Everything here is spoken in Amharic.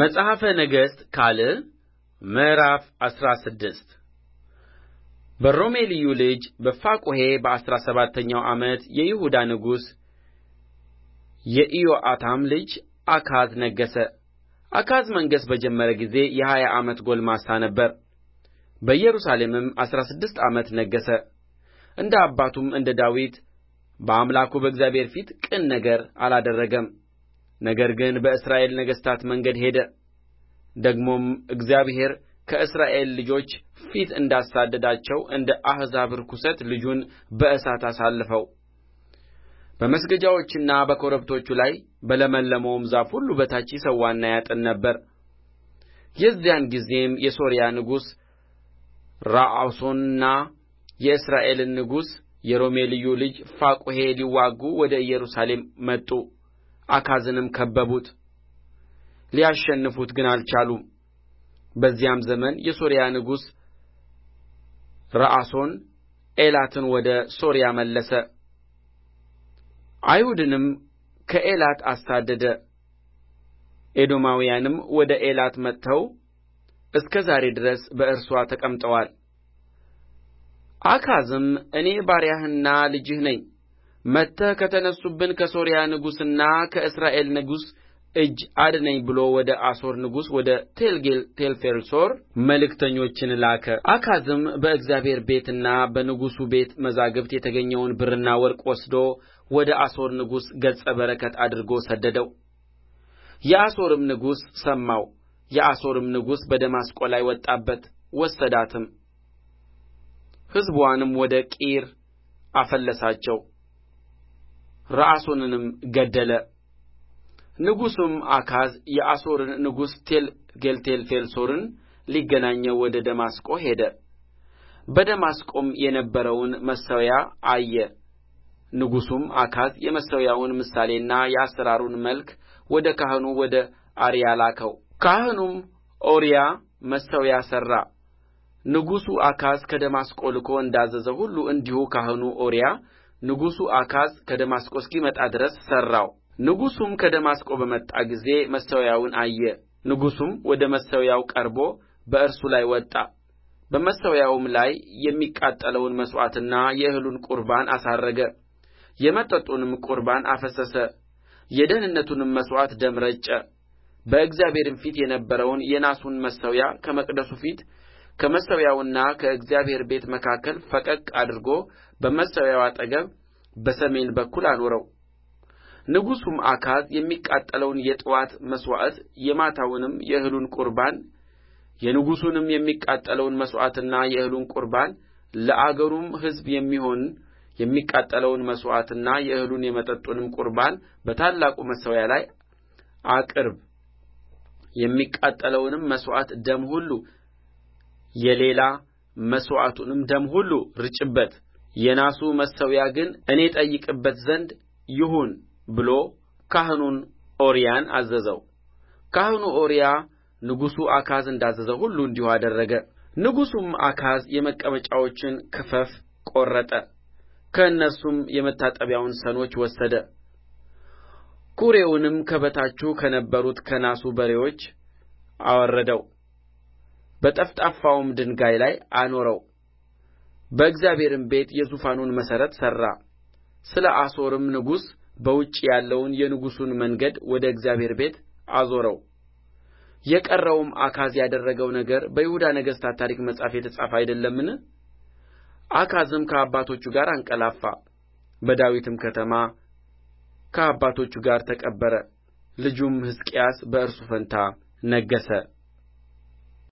መጽሐፈ ነገሥት ካልዕ ምዕራፍ አስራ ስድስት በሮሜልዩ ልጅ በፋቁሔ በአሥራ ሰባተኛው ዓመት የይሁዳ ንጉሥ የኢዮአታም ልጅ አካዝ ነገሠ። አካዝ መንገሥ በጀመረ ጊዜ የሀያ ዓመት ጎልማሳ ነበር። በኢየሩሳሌምም አሥራ ስድስት ዓመት ነገሠ። እንደ አባቱም እንደ ዳዊት በአምላኩ በእግዚአብሔር ፊት ቅን ነገር አላደረገም። ነገር ግን በእስራኤል ነገሥታት መንገድ ሄደ ደግሞም እግዚአብሔር ከእስራኤል ልጆች ፊት እንዳሳደዳቸው እንደ አሕዛብ ርኵሰት ልጁን በእሳት አሳለፈው በመስገጃዎቹና በኮረብቶቹ ላይ በለመለመውም ዛፍ ሁሉ በታች ይሠዋና ያጥን ነበር። የዚያን ጊዜም የሶርያ ንጉሥ ረአሶንና የእስራኤልን ንጉሥ የሮሜልዩ ልጅ ፋቁሔ ሊዋጉ ወደ ኢየሩሳሌም መጡ። አካዝንም ከበቡት ሊያሸንፉት ግን አልቻሉም በዚያም ዘመን የሶርያ ንጉሥ ረአሶን ኤላትን ወደ ሶርያ መለሰ አይሁድንም ከኤላት አሳደደ ኤዶማውያንም ወደ ኤላት መጥተው እስከ ዛሬ ድረስ በእርሷ ተቀምጠዋል አካዝም እኔ ባሪያህና ልጅህ ነኝ መጥተህ ከተነሡብን ከሶርያ ንጉሥና ከእስራኤል ንጉሥ እጅ አድነኝ ብሎ ወደ አሦር ንጉሥ ወደ ቴልጌልቴልፌልሶር መልእክተኞችን ላከ። አካዝም በእግዚአብሔር ቤትና በንጉሡ ቤት መዛግብት የተገኘውን ብርና ወርቅ ወስዶ ወደ አሦር ንጉሥ ገጸ በረከት አድርጎ ሰደደው። የአሦርም ንጉሥ ሰማው። የአሦርም ንጉሥ በደማስቆ ላይ ወጣበት፣ ወሰዳትም፣ ሕዝቧንም ወደ ቂር አፈለሳቸው። ረአሶንንም ገደለ ንጉሡም አካዝ የአሦርን ንጉሥ ቴልጌልቴልፌልሶርን ሊገናኘው ወደ ደማስቆ ሄደ በደማስቆም የነበረውን መሠዊያ አየ ንጉሡም አካዝ የመሠዊያውን ምሳሌና የአሠራሩን መልክ ወደ ካህኑ ወደ አርያ ላከው ካህኑም ኦርያ መሠዊያ ሠራ ንጉሡ አካዝ ከደማስቆ ልኮ እንዳዘዘው ሁሉ እንዲሁ ካህኑ ኦርያ ንጉሡ አካዝ ከደማስቆ እስኪመጣ ድረስ ሠራው ንጉሡም ከደማስቆ በመጣ ጊዜ መሠዊያውን አየ ንጉሡም ወደ መሠዊያው ቀርቦ በእርሱ ላይ ወጣ በመሠዊያውም ላይ የሚቃጠለውን መሥዋዕትና የእህሉን ቁርባን አሳረገ የመጠጡንም ቁርባን አፈሰሰ የደኅንነቱንም መሥዋዕት ደም ረጨ በእግዚአብሔርም ፊት የነበረውን የናሱን መሠዊያ ከመቅደሱ ፊት ከመሠዊያውና ከእግዚአብሔር ቤት መካከል ፈቀቅ አድርጎ በመሠዊያው አጠገብ በሰሜን በኩል አኖረው። ንጉሡም አካዝ የሚቃጠለውን የጥዋት መሥዋዕት የማታውንም የእህሉን ቁርባን የንጉሡንም የሚቃጠለውን መሥዋዕትና የእህሉን ቁርባን ለአገሩም ሕዝብ የሚሆን የሚቃጠለውን መሥዋዕትና የእህሉን የመጠጡንም ቁርባን በታላቁ መሠዊያ ላይ አቅርብ። የሚቃጠለውንም መሥዋዕት ደም ሁሉ የሌላ መሥዋዕቱንም ደም ሁሉ ርጭበት የናሱ መሠዊያ ግን እኔ እጠይቅበት ዘንድ ይሁን ብሎ ካህኑን ኦርያን አዘዘው ካህኑ ኦርያ ንጉሡ አካዝ እንዳዘዘው ሁሉ እንዲሁ አደረገ ንጉሡም አካዝ የመቀመጫዎቹን ክፈፍ ቈረጠ ከእነርሱም የመታጠቢያውን ሰኖች ወሰደ ኵሬውንም ከበታቹ ከነበሩት ከናሱ በሬዎች አወረደው በጠፍጣፋውም ድንጋይ ላይ አኖረው በእግዚአብሔርም ቤት የዙፋኑን መሠረት ሠራ ስለ አሦርም ንጉሥ በውጭ ያለውን የንጉሡን መንገድ ወደ እግዚአብሔር ቤት አዞረው የቀረውም አካዝ ያደረገው ነገር በይሁዳ ነገሥታት ታሪክ መጽሐፍ የተጻፈ አይደለምን አካዝም ከአባቶቹ ጋር አንቀላፋ በዳዊትም ከተማ ከአባቶቹ ጋር ተቀበረ ልጁም ሕዝቅያስ በእርሱ ፋንታ ነገሠ